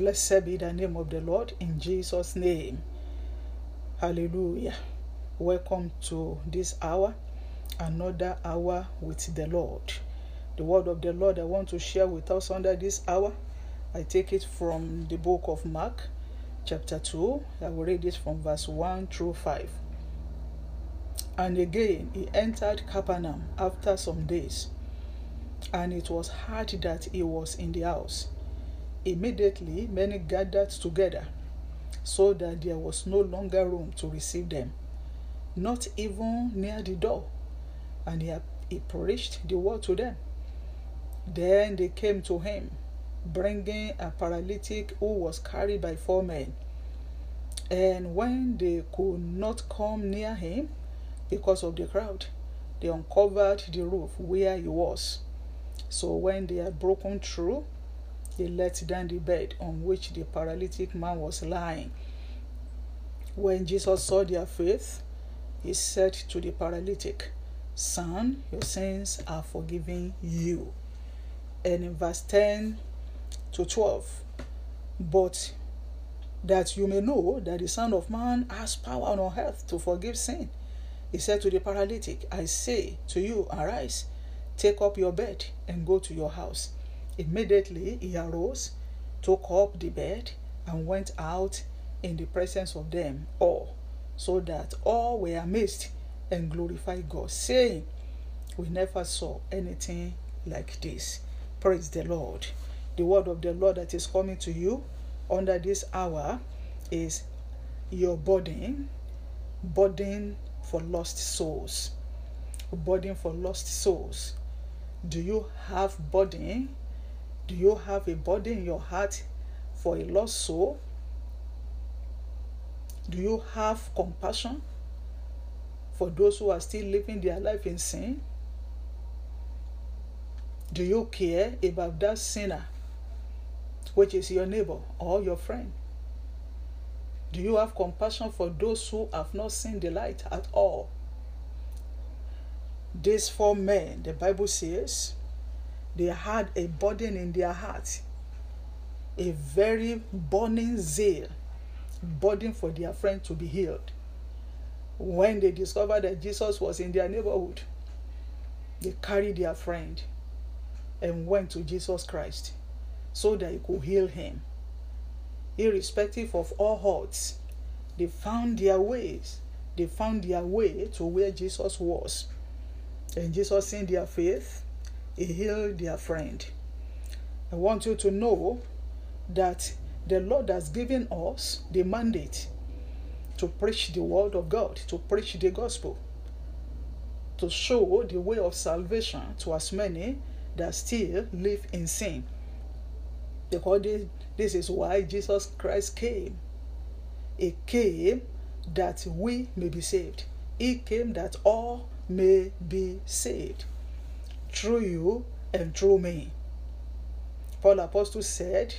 Blessed be the name of the Lord in Jesus' name. Hallelujah. Welcome to this hour, another hour with the Lord. The word of the Lord I want to share with us under this hour. I take it from the book of Mark, chapter 2. I will read it from verse 1 through 5. And again he entered Capernaum after some days, and it was hard that he was in the house. Immediately, many gathered together so that there was no longer room to receive them, not even near the door. And he, he preached the word to them. Then they came to him, bringing a paralytic who was carried by four men. And when they could not come near him because of the crowd, they uncovered the roof where he was. So when they had broken through, they let down the bed on which the paralytic man was lying. When Jesus saw their faith, he said to the paralytic, Son, your sins are forgiven you. And in verse 10 to 12, but that you may know that the Son of Man has power on earth to forgive sin. He said to the paralytic, I say to you, arise, take up your bed, and go to your house. Immediately he arose, took up the bed, and went out in the presence of them all, so that all were amazed and glorified God, saying, We never saw anything like this. Praise the Lord. The word of the Lord that is coming to you under this hour is your burden, burden for lost souls. Burden for lost souls. Do you have burden do you have a body in your heart for a lost soul? Do you have compassion for those who are still living their life in sin? Do you care about that sinner, which is your neighbor or your friend? Do you have compassion for those who have not seen the light at all? These four men, the Bible says, they had a burden in their heart, a very burning zeal, burden for their friend to be healed. When they discovered that Jesus was in their neighborhood, they carried their friend and went to Jesus Christ so that he could heal him. Irrespective of all odds, they found their ways. They found their way to where Jesus was. And Jesus, seeing their faith, Heal, dear friend. I want you to know that the Lord has given us the mandate to preach the word of God, to preach the gospel, to show the way of salvation to as many that still live in sin. Because this is why Jesus Christ came. He came that we may be saved. He came that all may be saved through you and through me. Paul the Apostle said,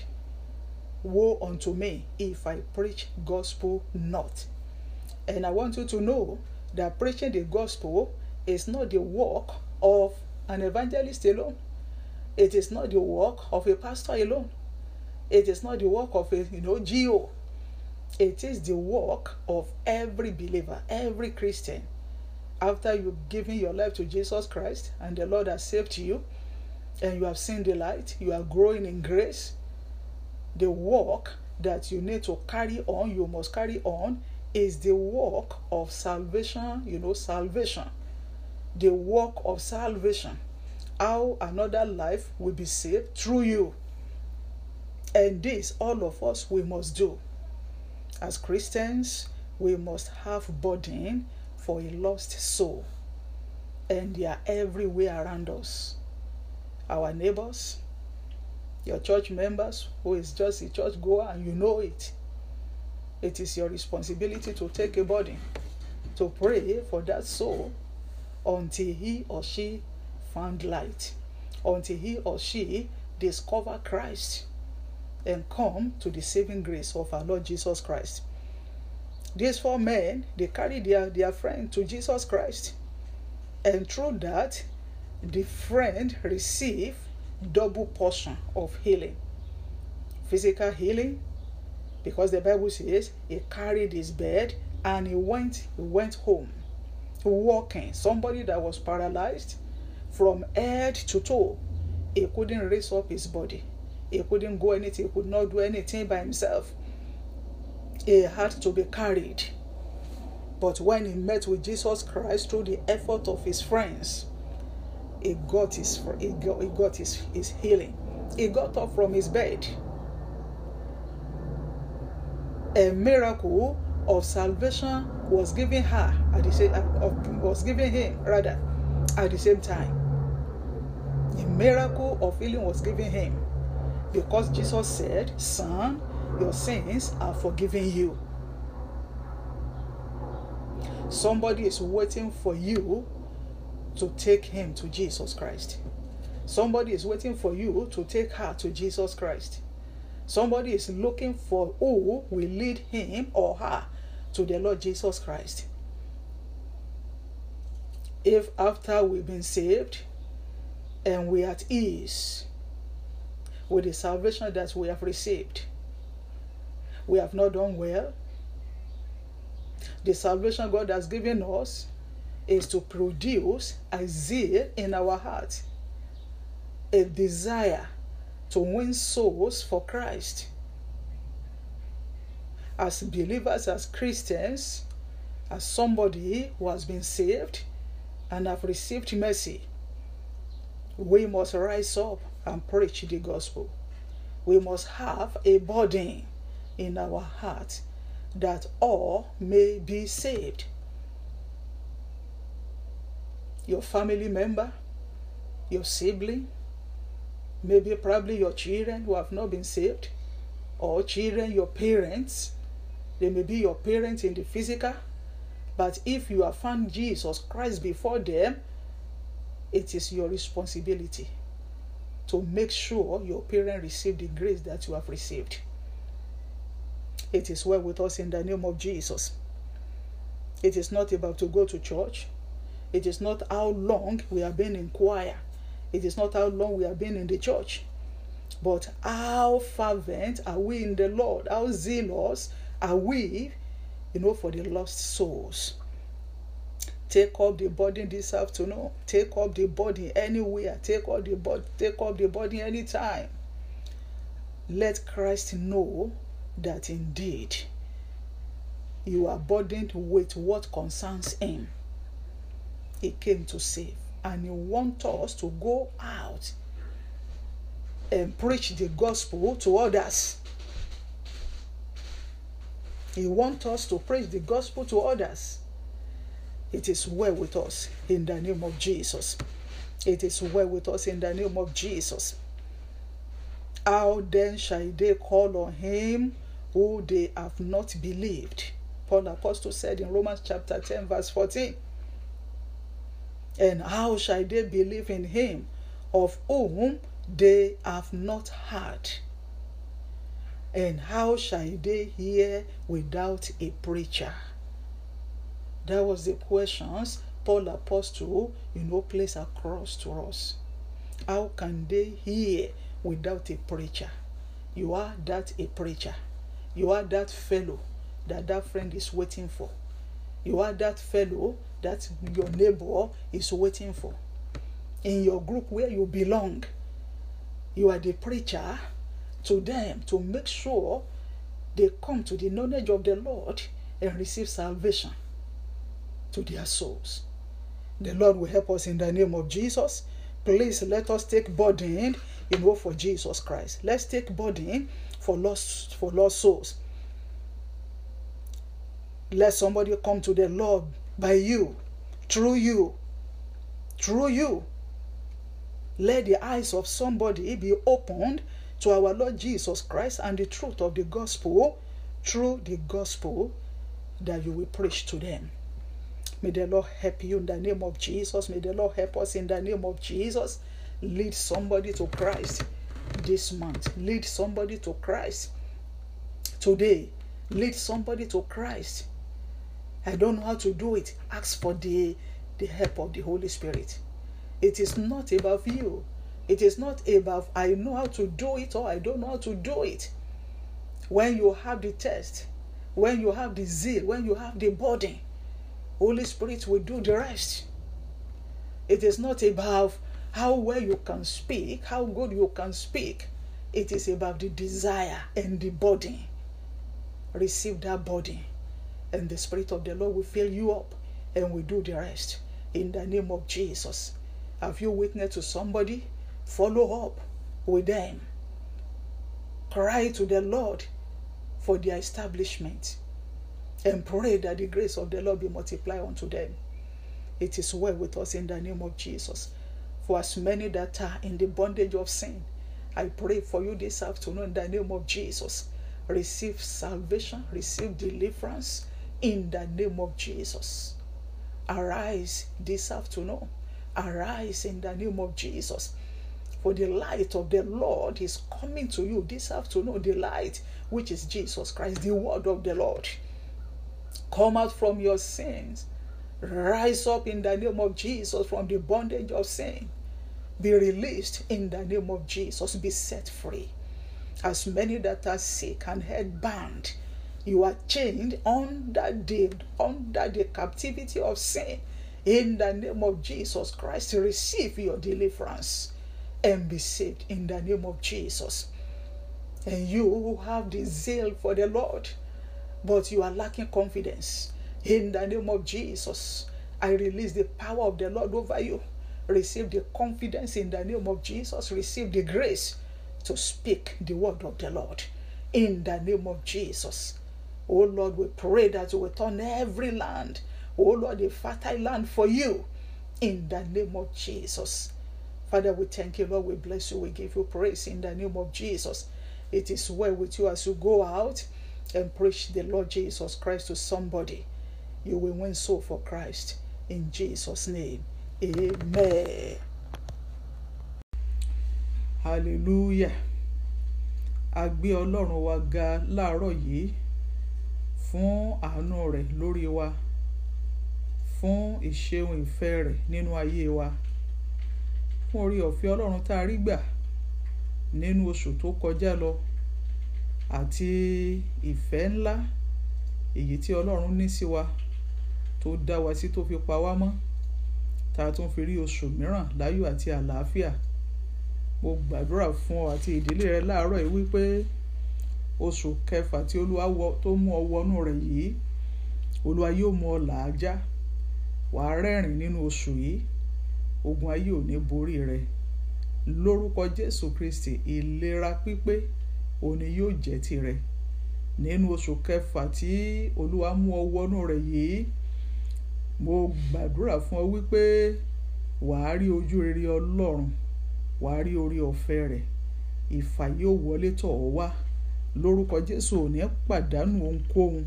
Woe unto me if I preach gospel not. And I want you to know that preaching the gospel is not the work of an evangelist alone. It is not the work of a pastor alone. It is not the work of a you know geo. It is the work of every believer, every Christian after you've given your life to Jesus Christ and the Lord has saved you and you have seen the light, you are growing in grace, the work that you need to carry on, you must carry on, is the work of salvation, you know, salvation. The work of salvation. How another life will be saved through you. And this, all of us, we must do. As Christians, we must have burden for a lost soul, and they are everywhere around us. Our neighbors, your church members, who is just a church goer, and you know it. It is your responsibility to take a body, to pray for that soul until he or she found light, until he or she discover Christ and come to the saving grace of our Lord Jesus Christ. These four men, they carried their, their friend to Jesus Christ. And through that, the friend received double portion of healing. Physical healing, because the Bible says he carried his bed and he went, he went home walking. Somebody that was paralyzed from head to toe. He couldn't raise up his body. He couldn't go anything. He could not do anything by himself he had to be carried. But when he met with Jesus Christ through the effort of his friends, he got his he got, he got his, his healing. He got up from his bed. A miracle of salvation was given her at the same was given him rather at the same time. A miracle of healing was given him because Jesus said, Son, your sins are forgiven you. Somebody is waiting for you to take him to Jesus Christ. Somebody is waiting for you to take her to Jesus Christ. Somebody is looking for who will lead him or her to the Lord Jesus Christ. If after we've been saved and we're at ease with the salvation that we have received, we have not done well. The salvation God has given us is to produce a zeal in our heart, a desire to win souls for Christ. As believers, as Christians, as somebody who has been saved and have received mercy, we must rise up and preach the gospel. We must have a burden in our hearts, that all may be saved. Your family member, your sibling, maybe probably your children who have not been saved, or children, your parents. They may be your parents in the physical, but if you have found Jesus Christ before them, it is your responsibility to make sure your parents receive the grace that you have received. It is well with us in the name of Jesus. It is not about to go to church. It is not how long we have been in choir. It is not how long we have been in the church. But how fervent are we in the Lord? How zealous are we, you know, for the lost souls? Take up the body. this afternoon. Take up the body anywhere. Take up the body. Take up the body anytime. Let Christ know that indeed you are burdened with what concerns Him. He came to save, and He wants us to go out and preach the gospel to others. He wants us to preach the gospel to others. It is well with us in the name of Jesus. It is well with us in the name of Jesus. How then shall they call on him who they have not believed. Paul the Apostle said in Romans chapter 10, verse 14, And how shall they believe in him of whom they have not heard? And how shall they hear without a preacher? That was the questions Paul the Apostle, you know, placed across to us. How can they hear without a preacher? You are that a preacher. You are that fellow that that friend is waiting for. You are that fellow that your neighbor is waiting for. In your group where you belong, you are the preacher to them to make sure they come to the knowledge of the Lord and receive salvation to their souls. The Lord will help us in the name of Jesus. Please let us take burden, you know, for Jesus Christ. Let's take burden for lost for lost souls. Let somebody come to the Lord by you, through you, through you. Let the eyes of somebody be opened to our Lord Jesus Christ and the truth of the gospel through the gospel that you will preach to them. May the Lord help you in the name of Jesus. May the Lord help us in the name of Jesus. Lead somebody to Christ this month. Lead somebody to Christ. Today, lead somebody to Christ. I don't know how to do it. Ask for the, the help of the Holy Spirit. It is not above you. It is not above. I know how to do it or I don't know how to do it. When you have the test, when you have the zeal, when you have the burden, Holy Spirit will do the rest. It is not above how well you can speak, how good you can speak. It is about the desire and the body. Receive that body, and the Spirit of the Lord will fill you up and will do the rest. In the name of Jesus. Have you witnessed to somebody? Follow up with them. Cry to the Lord for their establishment and pray that the grace of the Lord be multiplied unto them. It is well with us in the name of Jesus for as many that are in the bondage of sin. I pray for you this afternoon in the name of Jesus. Receive salvation, receive deliverance in the name of Jesus. Arise this afternoon. Arise in the name of Jesus. For the light of the Lord is coming to you this afternoon. The light, which is Jesus Christ, the word of the Lord. Come out from your sins. Rise up in the name of Jesus from the bondage of sin be released in the name of Jesus, be set free. As many that are sick and head bound, you are chained under the, under the captivity of sin. In the name of Jesus Christ, receive your deliverance and be saved in the name of Jesus. And you who have the zeal for the Lord, but you are lacking confidence, in the name of Jesus, I release the power of the Lord over you Receive the confidence in the name of Jesus. Receive the grace to speak the word of the Lord in the name of Jesus. Oh Lord, we pray that you will turn every land, oh Lord, a fertile land for you in the name of Jesus. Father, we thank you, Lord. We bless you. We give you praise in the name of Jesus. It is well with you as you go out and preach the Lord Jesus Christ to somebody. You will win soul for Christ in Jesus' name. Amen. Hallelujah. A gbé Ọlọ́run wa ga láàárọ̀ yìí fún àánú rẹ̀ lórí wa fún ìṣeun ìfẹ́ rẹ̀ nínú ayé wa fún orí ọ̀fẹ́ Ọlọ́run tá a rí gbà nínú oṣù tó kọjá lọ àti ìfẹ́ ńlá èyí tí Ọlọ́run ní sí wa tó dá wa sí tó fi pa wá mọ́ tá a tún fi rí oṣù mìíràn láyọ̀ àti àlàáfíà mo gbàdúrà fún ọ àti ìdílé rẹ láàárọ̀ yìí wípé oṣù kẹfà tí olúwa tó mú ọ wọnú rẹ̀ yìí olúwa yóò mú ọ làájá wàá rẹ́rìn nínú oṣù yìí ogun ayé ò ní borí rẹ lórúkọ jésù kristi ìlera pípé òní yóò jẹ́ tirẹ̀ nínú oṣù kẹfà tí olúwa mú ọ wọnú rẹ̀ yìí mo gbàdúrà fún ọ wípé wàá rí ojú rere ọlọ́run wàá rí orí ọ̀fẹ́ rẹ̀ ìfà yóò wọlé tọ̀ ọ́ wá lórúkọ jésù ò ní pàdánù ohunkóhun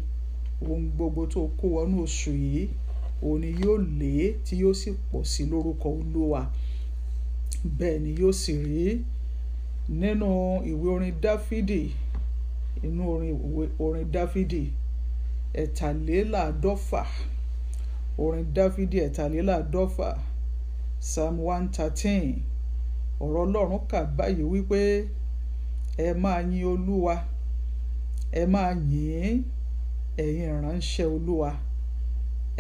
ohun gbogbo tó kó wọnú oṣù yìí òun ni yóò lé e tí yóò sì pọ̀ sí lórúkọ olúwa bẹ́ẹ̀ ni yóò sì rí nínú ìwé orin dáfídì inú orin dáfídì ẹ̀tàléláàádọ́fà. E orin dáfídì ẹ̀tàléláàádọ́fà psalm one thirteen ọ̀rọ̀ ọlọ́run kà báyìí wípé ẹ máa yin olúwa ẹ máa yìn ín ẹ̀yin ìránṣẹ́ olúwa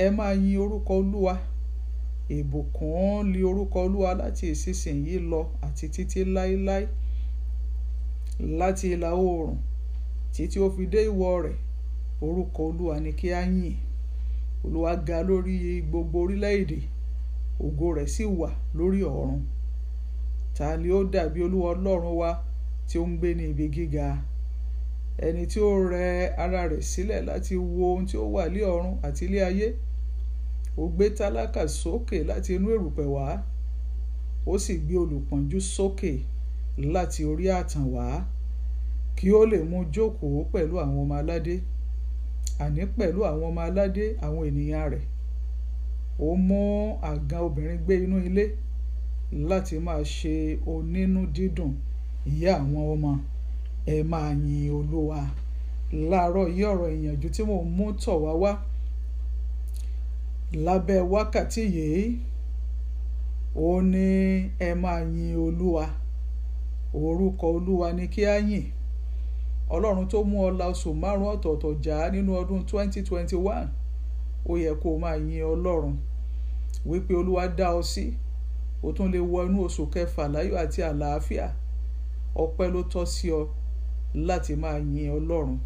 ẹ máa yin orúkọ olúwa ìbùkún li orúkọ olúwa láti ìsinsìnyí lọ àti títí láéláé láti ìlà oòrùn títí ó fi dé ìwọ̀ rẹ̀ orúkọ olúwa ni kí á yìn olúwa ga lórí gbogbo orílẹ̀-èdè ògo rẹ̀ sì wà lórí ọ̀run ta ni ó dàbí olúwa ọlọ́run wa tí ó ń gbé ní ibi gíga ẹni tí ó rẹ ara rẹ̀ sílẹ̀ láti wo ohun tí ó wà lé ọ̀run àti ilé ayé ó gbé tálákà sókè láti inú èrùpẹ̀ wá ó sì gbé olùpọ́njú sókè láti orí àtàn wá kí ó lè mú jókòó pẹ̀lú àwọn ọmọ aládé àní pẹ̀lú àwọn ọmọ aládé àwọn ènìyàn rẹ̀ ó mú àgàn obìnrin gbé inú ilé láti máa ṣe onínú dídùn ìyá àwọn ọmọ ẹ máa yin olúwa láàárọ̀ yí ọ̀rọ̀ ìyànjú tí mò ń mú tọ̀ wá wá lábẹ́ wákàtí yìí ó ní ẹ máa yin olúwa orúkọ olúwa ni kí á yìn ọlọ́run tó mú ọ la oṣù márùn ọ̀tọ̀ọ̀tọ̀ já nínú ọdún 2021 ó yẹ kó o máa yin ọlọ́run wípé olúwa dá ọ sí o tún lè wọ inú oṣù kẹfà láyọ̀ àti àlàáfíà ọpẹ́ ló tọ́ sí ọ láti máa yin ọlọ́run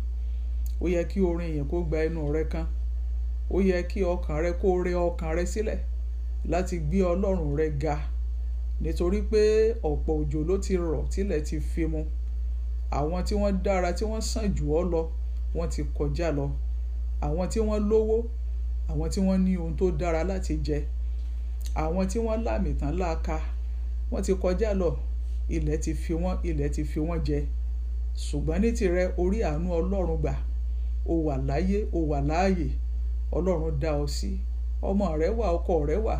ó yẹ kí orin yẹn kó gba ẹnu rẹ kan ó yẹ kí ọkàn rẹ kó rẹ ọkàn rẹ sílẹ̀ láti gbé ọlọ́run rẹ ga nítorí pé ọ̀pọ̀ òjò ló ti rọ̀ tílẹ̀ ti fi àwọn tí wọ́n dára tí wọ́n sàn jù ọ́ lọ wọ́n ti kọjá lọ àwọn tí wọ́n lówó àwọn tí wọ́n ní ohun tó dára láti jẹ àwọn tí wọ́n lámì tán láàka wọ́n ti kọjá lọ ilẹ̀ ti fi wọ́n ilẹ̀ ti fi wọ́n jẹ ṣùgbọ́n ní tirẹ̀ orí àánú ọlọ́run gbà o wà láyé o wà láàyè ọlọ́run dá ọ sí ọmọ rẹ wà ọkọ rẹ wà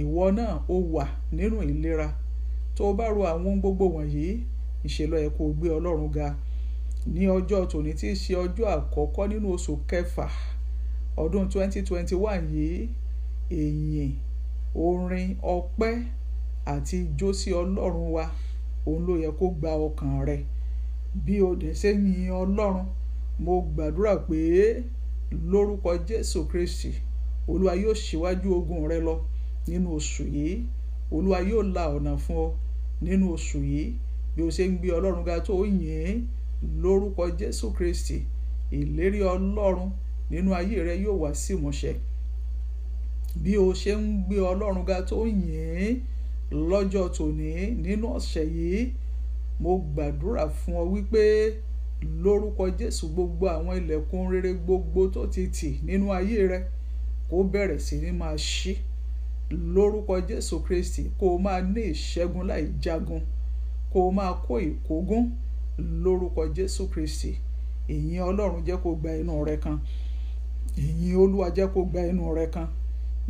ìwọ náà o wà nínú ìlera tó o bá ro àwọn gbogbo wọ̀nyí ìṣe ló yẹ kó o gbé ọlọ́run ga ní ọjọ́ tòní tí í ṣe ọjọ́ àkọ́kọ́ nínú oṣù kẹfà ọdún 2021 yìí èyìn orin ọpẹ́ àti ijó sí ọlọ́run wa òun ló yẹ kó gba ọkàn rẹ bí o dẹ̀ ṣe yin ọlọ́run mo gbàdúrà pé lórúkọ jésù kristi olúwa yóò ṣíwájú ogun rẹ lọ nínú oṣù yìí olúwa yóò la ọ̀nà fún ọ nínú oṣù yìí bí o ṣe ń gbé ọlọ́run ga tó yìn ín lórúkọ jésù kristi ìlérí ọlọ́run nínú ayé rẹ yóò wá sí ìmúṣẹ bí o ṣe ń gbé ọlọ́run ga tó yìn ín lọ́jọ́ tòní nínú ọ̀sẹ̀ yìí mo gbàdúrà fún ọ wípé lórúkọ jésù gbogbo àwọn ilẹ̀kùn rere gbogbo tó ti tì nínú ayé rẹ kó bẹ̀rẹ̀ sí ní máa ṣí lórúkọ jésù kristi kó o máa ní ìṣẹ́gun láì jagun kó o máa kó ìkógún lórúkọ jésù kristi ìyìn ọlọ́run jẹ́ kó gba ẹnu rẹ kan ìyìn olúwa jẹ́ kó gba ẹnu rẹ kan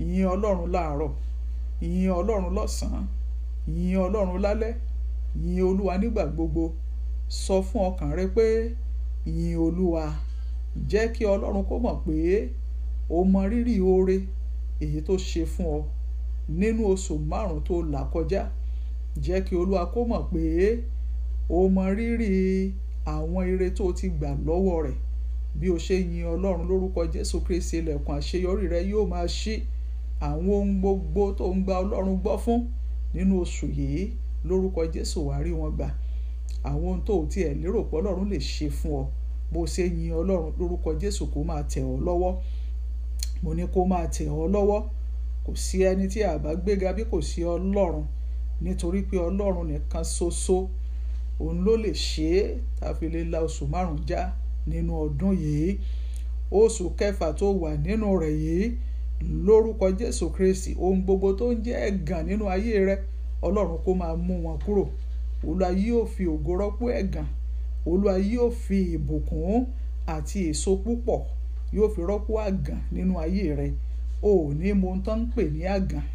ìyìn ọlọ́run láàárọ̀ ìyìn ọlọ́run lọ́sàn-án ìyìn ọlọ́run lálẹ́ ìyìn olúwa nígbà gbogbo sọ fún ọkàn rẹ pé ìyìn olúwa jẹ́ kí ọlọ́run kó mọ̀ pé o mọ rírì oore èyí tó ṣe fún ọ nínú oṣù márùn-ún tó là kọjá. Ja jẹ́ kí olúwa kó mọ̀ pé o mọ rírì àwọn ire tó ti gbà lọ́wọ́ rẹ̀ bí o ṣe yin ọlọ́run lórúkọ jésù kristi ilẹ̀kùn àṣeyọrí rẹ yóò máa ṣí àwọn ohun gbogbo tó ń gba ọlọ́run gbọ́ fún nínú oṣù yìí lórúkọ jésù wàá rí wọn gbà àwọn ohun tó o tiẹ̀ lérò pé ọlọ́run lè ṣe fún ọ bó ṣe yin ọlọ́run lórúkọ jésù kó máa tẹ̀ ọ́ lọ́wọ́ mo ní kó máa tẹ̀ ọ́ lọ́wọ́ kò sí ẹni tí a gbéga bí kò sí ọlọ́run nítorí pé ọlọ́run nìkan ṣoṣo òun ló lè ṣe é tá a fi lè la oṣù márùn-ún já nínú ọdún yìí oṣù kẹfà tó wà nínú rẹ̀ yìí lórúkọ jésù kristi ohun gbogbo tó ń jẹ́ ẹ̀gàn nínú ayé rẹ ọlọ́run kó máa mú wọn kúrò olúwa yóò fi ògo rọ́pò ẹ̀gàn olúwa yóò fi ìbùkún àti èso púpọ̀ yóò fi rọ́pò àgàn nínú ayé rẹ o mo tán ń pè ní àgàn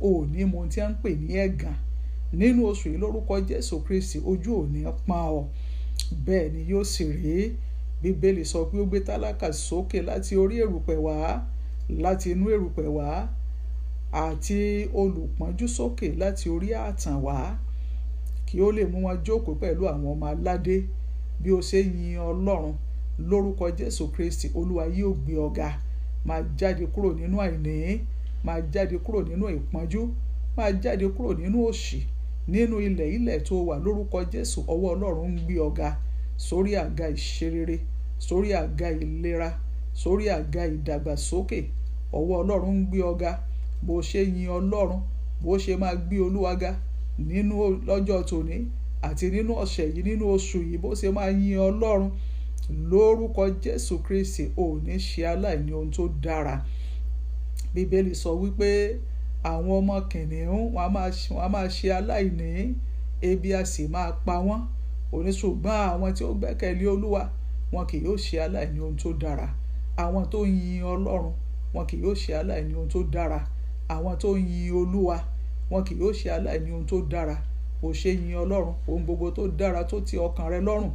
òní mo ti ń pè ní ẹ̀gàn nínú oṣù yìí lórúkọ jésù kristi ojú òní pọ́n ọ bẹ́ẹ̀ ni yóò sì rí bíbélì sọ pé ó gbé tálákà sókè láti orí èrùpẹ̀ wá láti inú èrùpẹ̀ wá àti olùpọ́njú sókè láti orí ààtàn wá kí ó lè mú wọn jókòó pẹ̀lú àwọn ọmọ aládé bí ó ṣe yin ọlọ́run lórúkọ jésù kristi olúwa yóò gbé ọ̀gá máa jáde kúrò nínú àìní máa jáde kúrò nínú ìpọ́njú máa jáde kúrò nínú òṣì nínú ilẹ̀ ilẹ̀ tó wà lórúkọ Jésù ọwọ́ Ọlọ́run ń gbé ọ̀gá sórí àga ìṣerere sórí àga ìlera sórí àga ìdàgbàsókè ọwọ́ Ọlọ́run ń gbé ọ̀gá bó ṣe yin Ọlọ́run bó ṣe máa gbé Olúwa ga nínú lọ́jọ́ tòní àti nínú ọ̀sẹ̀ yìí nínú oṣù yìí bó ṣe máa yin Ọlọ́run lórúkọ Jésù Kristi ò ní ṣe aláìní ohun tó dára bíbélì sọ wípé àwọn ọmọ kìnìún wọn a máa ṣe aláìní ebi a sì máa pa wọ́n òní ṣùgbọ́n àwọn tí ó gbẹ́kẹ̀lé olúwa wọn kì yóò ṣe aláìní ohun tó dára àwọn tó ń yin ọlọ́run wọn kì yóò ṣe aláìní ohun tó dára àwọn tó ń yin olúwa wọn kì yóò ṣe aláìní ohun tó dára kò ṣe yin ọlọ́run ohun gbogbo tó dára tó ti ọkàn rẹ lọ́rùn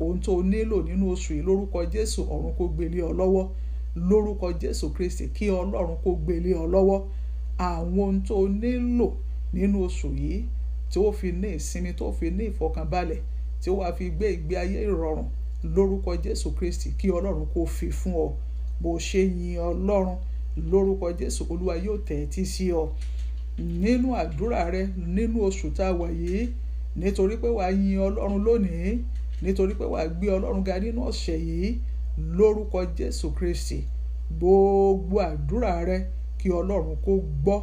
ohun tó nílò nínú oṣù yìí lórúkọ jésù ọ̀run kò gbélé ọ lọ́wọ́ lórúkọ jésù kristi kí ọlọ́run kó gbélé ọ lọ́wọ́ àwọn ohun tó nílò nínú oṣù yìí tí ó fi ní ìsinmi tó fi ní ìfọkànbalẹ̀ tí ó wàá fi gbé ìgbé ayé ìrọ̀rùn lórúkọ jésù kristi kí ọlọ́run kó fi fún ọ bó ṣe yin ọlọ́run lórúkọ jésù olúwa yóò tẹ̀ ẹ́ tí sí ọ nínú àdúrà rẹ nínú oṣù tá a wà yìí nítorí pé wàá yin ọlọ́run lónìí nítorí pé wàá gbé ọlọ́run ga nínú ọ̀sẹ̀ yìí lórúkọ jésù kristi gbogbo àdúrà rẹ kí ọlọ́run kó gbọ́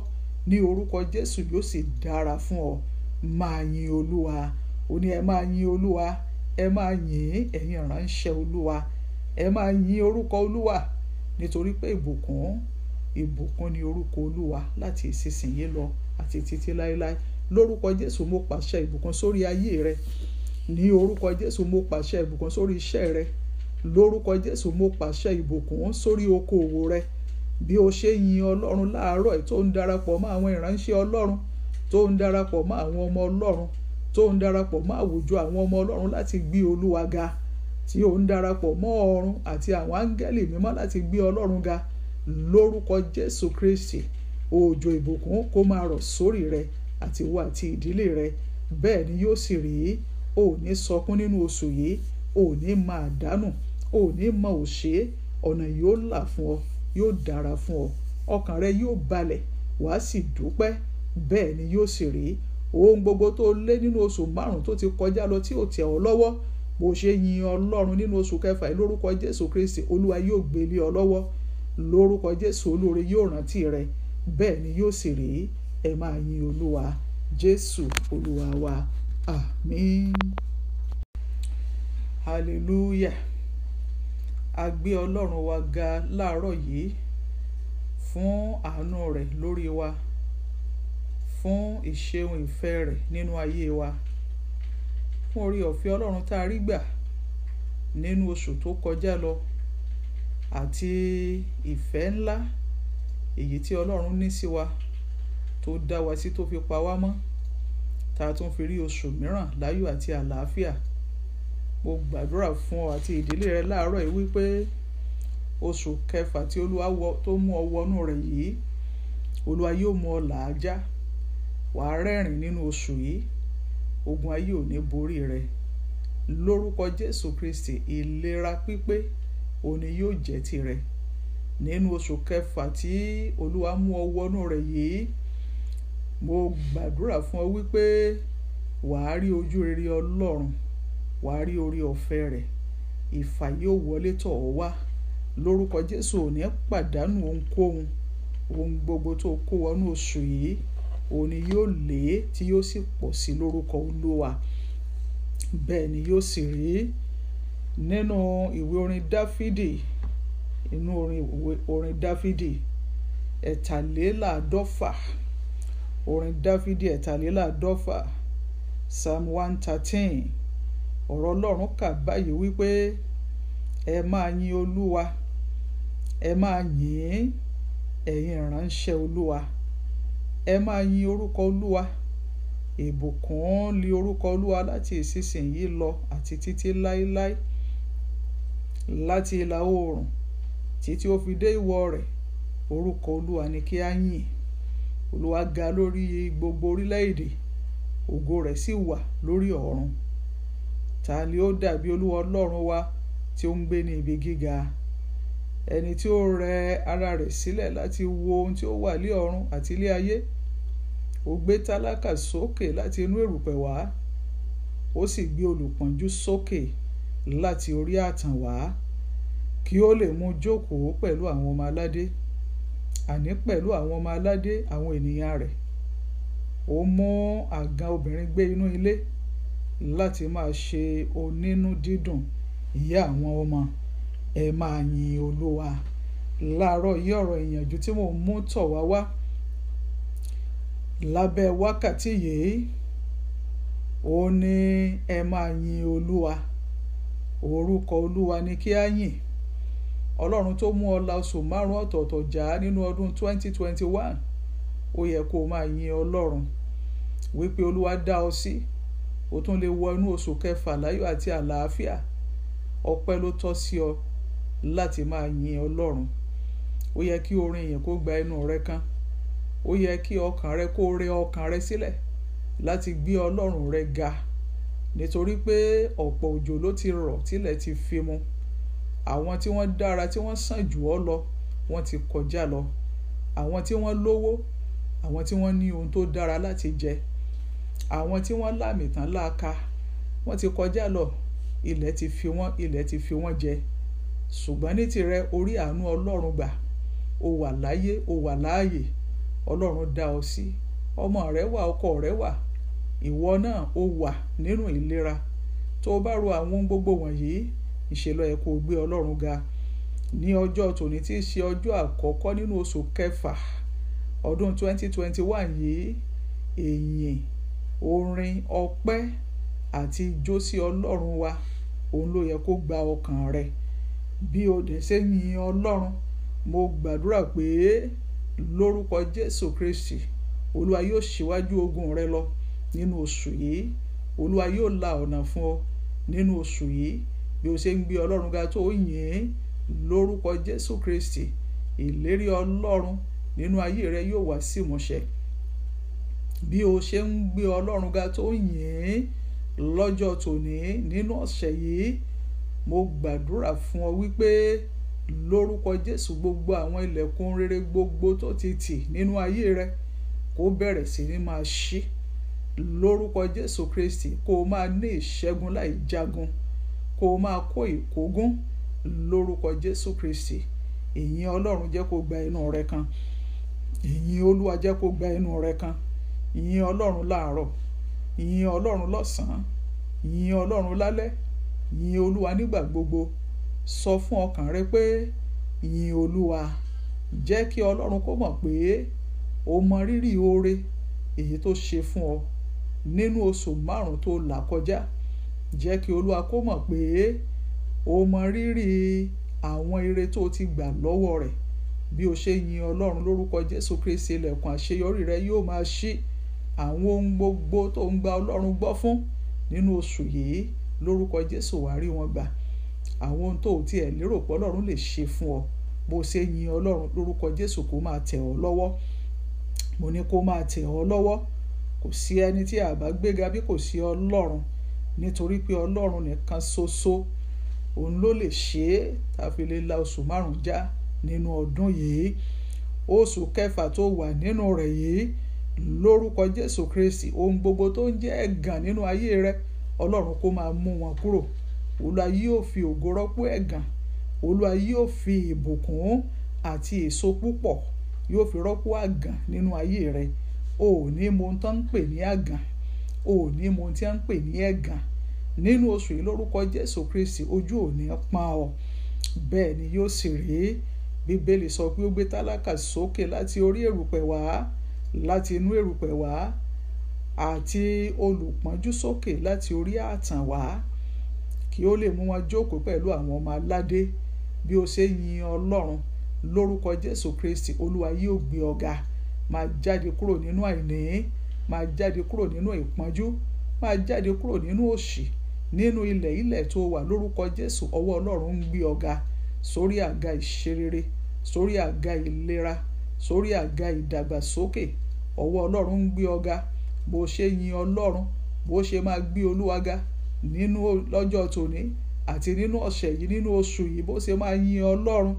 ní orúkọ jésù yóò sì dára fún ọ máa yin olúwa ó ní ẹ máa yin olúwa ẹ máa yin ẹ̀yin ìránṣẹ́ olúwa ẹ máa yin orúkọ olúwa nítorí pé ìbùkún ìbùkún ni orúkọ olúwa láti ìsinsìnyí lọ àti títí láéláé lórúkọ jésù mo pàṣẹ ìbùkún sórí ayé rẹ ní orúkọ jésù mo pàṣẹ ìbùkún sórí iṣẹ́ rẹ lórúkọ jésù mo pàṣẹ ìbùkún sórí okoòwò rẹ bí o ṣe yin ọlọ́run láàárọ̀ tó ń darapọ̀ mọ́ àwọn ìránṣẹ́ ọlọ́run tó ń darapọ̀ mọ́ àwọn ọmọ ọlọ́run tó ń darapọ̀ mọ́ àwùjọ àwọn ọmọ ọlọ́run láti gbé olúwa ga tí ó ń darapọ̀ mọ́ ọ̀run àti àwọn áńgẹ́lì mímọ́ láti gbé ọlọ́run ga lórúkọ jésù kristi òòjò ìbùkún kó máa rọ̀ sórí rẹ àti ìwọ àti ìdílé rẹ bẹ́ẹ̀ ni yóò sì rí ò sọkún nínú oṣù yìí ò máa dánù ò ní mọ òṣè ọ̀nà yóò là fún ọ yóò dára fún ọ ọkàn rẹ yóò balẹ̀ wàá sì dúpẹ́ bẹ́ẹ̀ ni yóò sì rí ohun gbogbo tó lé nínú oṣù márùn tó ti kọjá lọ tí ò tẹ̀ ọ́ lọ́wọ́ bó ṣe yin ọlọ́run nínú oṣù kẹfà yìí lórúkọ jésù kristi olúwa yóò gbé lé ọ lọ́wọ́ lórúkọ jésù olóore yóò rántí rẹ bẹ́ẹ̀ ni yóò sì rí ẹ máa yin olúwa jésù olúwa wa àmín hallelujah a gbé ọlọ́run wa ga láàárọ̀ yìí fún àánú rẹ̀ lórí wa fún ìṣeun ìfẹ́ rẹ̀ nínú ayé wa fún orí ọ̀fẹ́ ọlọ́run tá a rí gbà nínú oṣù tó kọjá lọ àti ìfẹ́ ńlá èyí tí ọlọ́run ní sí wa tó dá wa sí tó fi pa wá mọ́ tá a tún fi rí oṣù mìíràn láyọ̀ àti àlàáfíà mo gbàdúrà fún ọ àti ìdílé rẹ láàárọ̀ yìí wípé oṣù kẹfà tí olúwa tó mú ọ wọnú rẹ̀ yìí olúwa yóò mú ọ làájá wàá rẹ́rìn nínú oṣù yìí ogun ayé ò ní borí rẹ lórúkọ jésù kristi ìlera pípé òní yóò jẹ́ tirẹ̀ nínú oṣù kẹfà tí olúwa mú ọ wọnú rẹ̀ yìí mo gbàdúrà fún ọ wípé wàá rí ojú rere ọlọ́run wàá rí orí ọ̀fẹ́ rẹ̀ ìfà yóò wọlé tọ̀ ọ́ wá lórúkọ jésù ò ní pàdánù ohunkóhun ohun gbogbo tó kó wọnú oṣù yìí òun ni yóò lé e tí yóò sì pọ̀ sí lórúkọ olúwa bẹ́ẹ̀ ni yóò sì rí nínú ìwé orin dáfídì inú orin dáfídì ẹ̀tàléláàádọ́fà orin dáfídì ẹ̀tàléláàádọ́fà psalm one thirteen ọ̀rọ̀ ọlọ́run kà báyìí wípé ẹ máa yin olúwa ẹ máa yìn ẹ̀yin ìránṣẹ́ olúwa ẹ máa yin orúkọ olúwa ìbùkún li orúkọ olúwa láti ìsinsìnyí lọ àti títí láéláé láti ìlà oòrùn títí ó fi dé ìwọ̀ rẹ̀ orúkọ olúwa ni kí á yìn olúwa ga lórí gbogbo orílẹ̀-èdè ògo rẹ̀ sì wà lórí ọ̀run ta ni ó dàbí olúwa ọlọ́run wa tí ó ń gbé ní ibi gíga ẹni tí ó rẹ ara rẹ̀ sílẹ̀ láti wo ohun tí ó wà lé ọ̀run àti ilé ayé ó gbé tálákà sókè láti inú èrùpẹ̀ wá ó sì gbé olùpọ́njú sókè láti orí àtàn wá kí ó lè mú jókòó pẹ̀lú àwọn ọmọ aládé àní pẹ̀lú àwọn ọmọ aládé àwọn ènìyàn rẹ̀ ó mú àgàn obìnrin gbé inú ilé láti máa ṣe onínú dídùn ìyá àwọn ọmọ ẹ máa yin olúwa láàárọ̀ yí ọ̀rọ̀ ìyànjú tí mò ń mú tọ̀ wá wá lábẹ́ wákàtí yìí ó ní ẹ máa yin olúwa orúkọ olúwa ni kí á yìn ọlọ́run tó mú ọ oṣù márùn ọ̀tọ̀ọ̀tọ̀ jà nínú ọdún 2021 ó yẹ kó o máa yin ọlọ́run wípé olúwa dá ọ sí. Si o tún lè wọ inú oṣù kẹfà láyọ̀ àti àlàáfíà ọpẹ́ ló tọ́ sí ọ láti máa yin ọlọ́run ó yẹ kí orin yẹn kó gba ẹnu rẹ kan ó yẹ kí ọkàn rẹ kó rẹ ọkàn rẹ sílẹ̀ láti gbé ọlọ́run rẹ ga nítorí pé ọ̀pọ̀ òjò ló ti rọ̀ tílẹ̀ ti fi mu àwọn tí wọ́n dára tí wọ́n sàn jù ọ́ lọ wọ́n ti kọjá lọ àwọn tí wọ́n lówó àwọn tí wọ́n ní ohun tó dára láti jẹ àwọn tí wọ́n láàmì tán láàka wọ́n ti kọjá lọ ilẹ̀ ti fi wọ́n ilẹ̀ ti fi wọ́n jẹ ṣùgbọ́n ní tirẹ̀ orí àánú ọlọ́run gbà o wà láyé o wà láàyè ọlọ́run dá ọ sí ọmọ rẹ wà ọkọ rẹ wà ìwọ náà o wà nínú ìlera tó o bá ro àwọn ohun gbogbo wọ̀nyí ìṣèlọ ẹ̀ kò gbé ọlọ́run ga ní ọjọ́ tòní tí í ṣe ọjọ́ àkọ́kọ́ nínú oṣù kẹfà ọdún 2021 yìí èyìn orin ọpẹ́ àti ijó sí ọlọ́run wa òun ló yẹ kó gba ọkàn rẹ bí o dẹ̀ ṣe ń yin ọlọ́run mo gbàdúrà pé lórúkọ jésù kristi olúwa yóò ṣíwájú ogun rẹ lọ nínú oṣù yìí olúwa yóò la ọ̀nà fún ọ nínú oṣù yìí bí o ṣe ń gbé ọlọ́run ga tó yìn lórúkọ jésù kristi ìlérí ọlọ́run nínú ayé rẹ yóò wá sí Si bí o ṣe ń gbé ọlọ́run ga tó yìn lọ́jọ́ tòní nínú ọ̀sẹ̀ yìí mo gbàdúrà fún ọ wípé lórúkọ jésù gbogbo àwọn ilẹ̀kùn rere gbogbo tó ti tì nínú ayé rẹ kó bẹ̀rẹ̀ sí ní máa ṣí lórúkọ jésù kristi kó o máa ní ìṣẹ́gun láì jagun kó o máa kó ìkógun lórúkọ jésù kristi ìyìn ọlọ́run jẹ́ kó gba inú rẹ kan ìyìn olúwa jẹ́ kó gba inú rẹ kan yìn ọlọ́run láàárọ̀ yìn ọlọ́run lọ́sàn-án yìn ọlọ́run lálẹ́ yìn olúwa nígbà gbogbo sọ fún ọkàn rẹ pé yìn olúwa jẹ́ kí ọlọ́run kó mọ̀ pé o mọ rírì oore èyí tó ṣe fún ọ nínú oṣù márùn tó là kọjá jẹ́ kí olúwa kó mọ̀ pé o mọ rírì àwọn ire tó ti gbà lọ́wọ́ rẹ̀ bí o ṣe yin ọlọ́run lórúkọ jésù kristi ilẹ̀kùn àṣeyọrí rẹ yóò máa ṣí. Si àwọn ohun gbogbo tó ń gba ọlọ́run gbọ́ fún nínú oṣù yìí lórúkọ jésù wàá rí wọn gbà àwọn ohun tó tiẹ̀ lérò pé ọlọ́run lè ṣe fún ọ bó ṣe yin ọlọ́run lórúkọ jésù kó máa tẹ̀ ọ́ lọ́wọ́ mo ní kó máa tẹ̀ ọ́ lọ́wọ́ kò sí ẹni tí àbá bí kò sí ọlọ́run nítorí pé ọlọ́run nìkan ṣoṣo òun ló lè ṣe é tá lè la oṣù márùn-ún já nínú ọdún yìí oṣù kẹfà tó wà nínú rẹ̀ yìí lórúkọ jésù kristi ohun gbogbo tó ń jẹ́ ẹ̀gàn nínú ayé rẹ ọlọ́run kó máa mú wọn kúrò olúwa yóò fi ògo rọ́pò ẹ̀gàn olúwa yóò fi ìbùkún àti èso púpọ̀ yóò fi rọ́pò àgàn nínú ayé rẹ o ò ní mo ń ń pè ní àgàn o ò ní mo ti ń pè ní ẹ̀gàn nínú oṣù yìí lórúkọ jésù kristi ojú ò pa ọ́ bẹ́ẹ̀ ni yóò sì rí bíbélì sọ pé ó gbé tálákà sókè láti orí èrùpẹ̀ wá láti inú erùpẹ̀ wá àti olùpọ́njú sókè láti orí ààtàn wá kí ó lè mú wọn jókòó pẹ̀lú àwọn ọmọ aládé bí o ṣe yin ọlọ́run lórúkọ jésù kristi olúwa yóò gbé ọ ga máa jáde kúrò nínú àìní máa jáde kúrò nínú ìpọ́njú máa jáde kúrò nínú òṣì nínú ilẹ̀ ilẹ̀ tó wà lórúkọ jésù ọwọ́ ọlọ́run ń gbé ọ sórí àga ìṣerere sórí àga ìlera sórí àga ìdàgbàsókè ọwọ́ ọlọ́run ń gbé ọga bó ṣe yin ọlọ́run bó ṣe máa gbé olúwa ga nínú lọ́jọ́ tòní àti nínú ọ̀sẹ̀ yìí nínú oṣù yìí bó ṣe máa yin ọlọ́run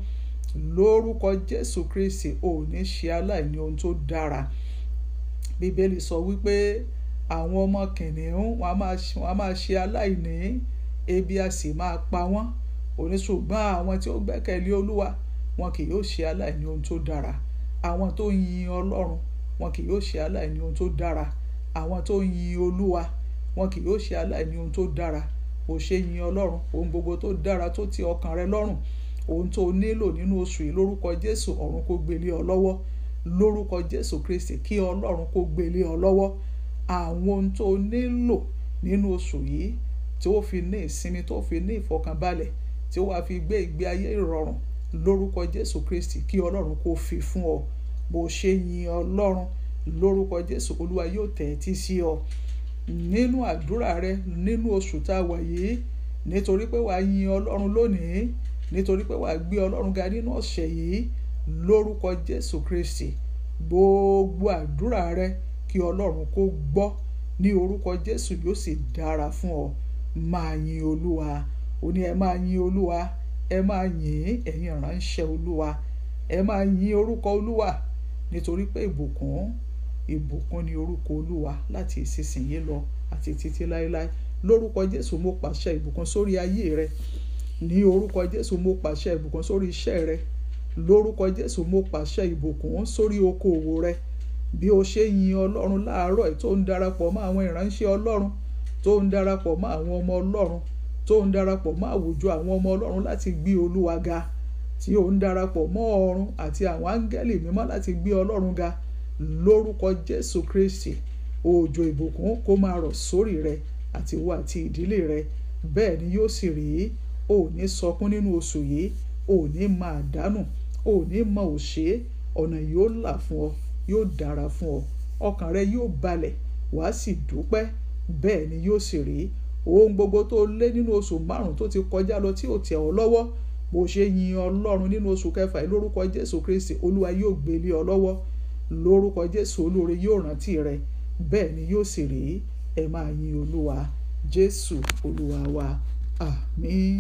lórúkọ jésù kristi ò ní ṣe aláìní ohun tó dára bíbélì sọ wípé àwọn ọmọ kìnìún wọn a máa ṣe aláìní ebi a sì máa pa wọ́n ó ṣùgbọ́n àwọn tí ó gbẹ́kẹ̀lé olúwa wọn kì yóò ṣe aláìní ohun tó dára àwọn tó ń yin ọlọ́run wọn kì yóò ṣe aláìní ohun tó dára àwọn tó ń yin olúwa wọn kì yóò ṣe aláìní ohun tó dára ò ṣe yin ọlọ́run ohun gbogbo tó dára tó ti ọkàn rẹ lọ́rùn ohun tó nílò nínú oṣù yìí lórúkọ jésù ọ̀run kó gbélé ọ lọ́wọ́ lórúkọ jésù kristi kí ọlọ́run kó gbélé ọ lọ́wọ́ àwọn ohun tó nílò nínú oṣù yìí tí ó fi ní ìsinmi tó fi ní ìfọkànbalẹ̀ tí ó wàá fi gbé ìgbé ayé ìrọ̀rùn lórúkọ jésù kristi kí ọlọ́run kó fi fún ọ bó ṣe yin ọlọ́run lórúkọ jésù olúwa yóò tẹ́tí sí ọ nínú àdúrà rẹ nínú oṣù tá a wà yìí nítorí pé wàá yin ọlọ́run lónìí nítorí pé wàá gbé ọlọ́run ga nínú ọ̀sẹ̀ yìí lórúkọ jésù kristi gbogbo àdúrà rẹ kí ọlọ́run kó gbọ́ ní orúkọ jésù yóò sì dára fún ọ máa yin olúwa ó ní ẹ máa yin olúwa ẹ máa yìn ẹ̀yin ìránṣẹ́ olúwa ẹ máa yìn orúkọ olúwa nítorí pé ìbùkún ìbùkún ni orúkọ olúwa láti ìsinsìnyí lọ àti títí láéláé lórúkọ jésù mo pàṣẹ ìbùkún sórí ayé rẹ ní orúkọ jésù mo pàṣẹ ìbùkún sórí iṣẹ́ rẹ lórúkọ jésù mo pàṣẹ ìbùkún sórí okoòwò rẹ bí o ṣe yin ọlọ́run láàárọ̀ tó ń darapọ̀ mọ́ àwọn ìránṣẹ́ ọlọ́run tó ń darapọ̀ mọ́ àwọn ọmọ ọlọ́run tó ń darapọ̀ mọ́ àwùjọ àwọn ọmọ ọlọ́run láti gbé olúwa ga tí ó ń darapọ̀ mọ́ ọ̀run àti àwọn áńgẹ́lì mímọ́ láti gbé ọlọ́run ga lórúkọ jésù kristi òòjò ìbùkún kó máa rọ̀ sórí rẹ àti ìwọ àti ìdílé rẹ bẹ́ẹ̀ ni yóò sì rí ò ní sọkún nínú oṣù yìí ò máa dánù ò mọ òṣè ọ̀nà yóò là fún ọ yóò dára fún ọ ọkàn rẹ yóò balẹ̀ wàá sì dúpẹ́ bẹ́ẹ̀ ni yóò sì rí ohun gbogbo tó lé nínú oṣù márùn tó ti kọjá lọ tí ò tẹ̀ ọ́ lọ́wọ́ bó ṣe yin ọlọ́run nínú oṣù kẹfà yìí lórúkọ jésù kristi olúwa yóò gbé lé ọ lọ́wọ́ lórúkọ jésù olóore yóò rántí rẹ bẹ́ẹ̀ ni yóò sì rí ẹ máa yin olúwa jésù olúwa wa àmín.